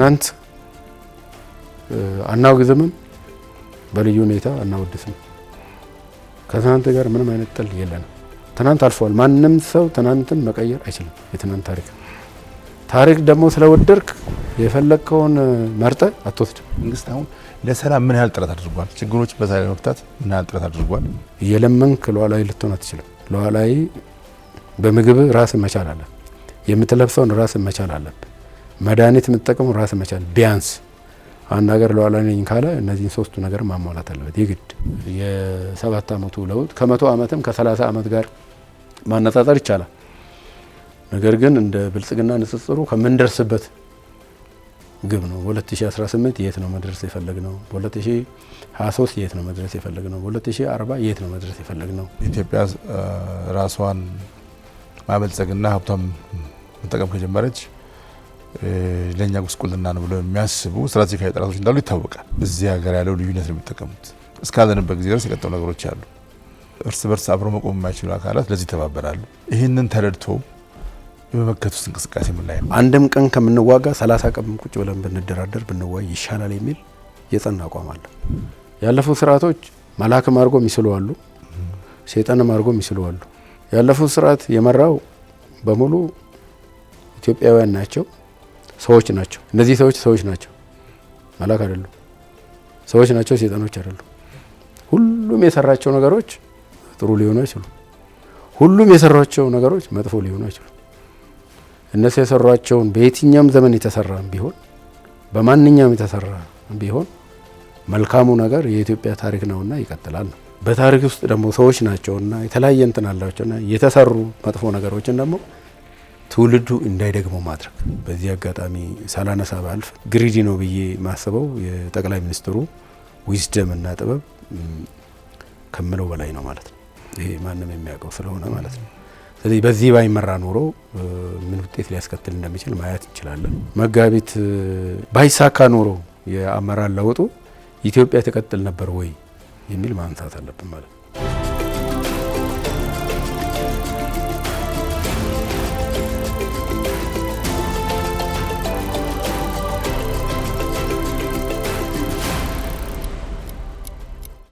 ትናንት አናውግዝምም፣ በልዩ ሁኔታ አናወድስም። ከትናንት ጋር ምንም አይነት ጥል የለንም። ትናንት አልፈዋል። ማንም ሰው ትናንትን መቀየር አይችልም። የትናንት ታሪክ ታሪክ ደግሞ ስለወደድክ የፈለግከውን መርጠ አትወስድ። መንግስት አሁን ለሰላም ምን ያህል ጥረት አድርጓል? ችግሮች በሰላም መፍታት ምን ያህል ጥረት አድርጓል? እየለመንክ ለዋላዊ ልትሆን አትችልም። ለዋላዊ በምግብ ራስን መቻል አለ። የምትለብሰውን ራስን መቻል አለን። መድኃኒት የምትጠቀሙ ራስ መቻል ቢያንስ አንድ ሀገር ሉዓላዊ ነኝ ካለ እነዚህን ሶስቱ ነገር ማሟላት አለበት የግድ። የሰባት አመቱ ለውጥ ከመቶ አመትም ከሰላሳ አመት ጋር ማነጻጸር ይቻላል። ነገር ግን እንደ ብልጽግና ንጽጽሩ ከምንደርስበት ግብ ነው። በ2018 የት ነው መድረስ የፈለግ ነው? በ2023 የት ነው መድረስ የፈለግ ነው? በ2040 የት ነው መድረስ የፈለግ ነው? ኢትዮጵያ ራሷን ማበልጸግና ሀብቷን መጠቀም ከጀመረች ለእኛ ጉስቁልና ነው ብለው የሚያስቡ ስትራቴጂካዊ ጠላቶች እንዳሉ ይታወቃል። እዚህ ሀገር ያለው ልዩነት ነው የሚጠቀሙት። እስካለንበት ጊዜ ድረስ የቀጠሉ ነገሮች አሉ። እርስ በርስ አብሮ መቆም የማይችሉ አካላት ለዚህ ይተባበራሉ። ይህንን ተረድቶ የመመከት ውስጥ እንቅስቃሴ ምናየ አንድም ቀን ከምንዋጋ ሰላሳ ቀን ቁጭ ብለን ብንደራደር ብንዋይ ይሻላል የሚል የጸና አቋም አለ። ያለፉ ስርዓቶች መላክም አድርጎ አሉ ሴጠንም አድርጎ አሉ። ያለፉ ስርዓት የመራው በሙሉ ኢትዮጵያውያን ናቸው። ሰዎች ናቸው። እነዚህ ሰዎች ሰዎች ናቸው፣ መላክ አይደሉ። ሰዎች ናቸው፣ ሴጣኖች አይደሉ። ሁሉም የሰራቸው ነገሮች ጥሩ ሊሆኑ አይችሉም። ሁሉም የሰሯቸው ነገሮች መጥፎ ሊሆኑ አይችሉም። እነሱ የሰሯቸውን በየትኛውም ዘመን የተሰራ ቢሆን በማንኛውም የተሰራ ቢሆን መልካሙ ነገር የኢትዮጵያ ታሪክ ነውና ይቀጥላል ነው። በታሪክ ውስጥ ደግሞ ሰዎች ናቸውና የተለያየ እንትን አላቸውና የተሰሩ መጥፎ ነገሮችን ደግሞ ትውልዱ እንዳይደግመው ማድረግ። በዚህ አጋጣሚ ሳላነሳ ባልፍ ግሪዲ ነው ብዬ ማስበው የጠቅላይ ሚኒስትሩ ዊዝደም እና ጥበብ ከምለው በላይ ነው ማለት ነው። ይሄ ማንም የሚያውቀው ስለሆነ ማለት ነው። ስለዚህ በዚህ ባይመራ ኖሮ ምን ውጤት ሊያስከትል እንደሚችል ማየት እንችላለን። መጋቢት ባይሳካ ኖሮ የአመራር ለውጡ ኢትዮጵያ ትቀጥል ነበር ወይ የሚል ማንሳት አለብን ማለት ነው።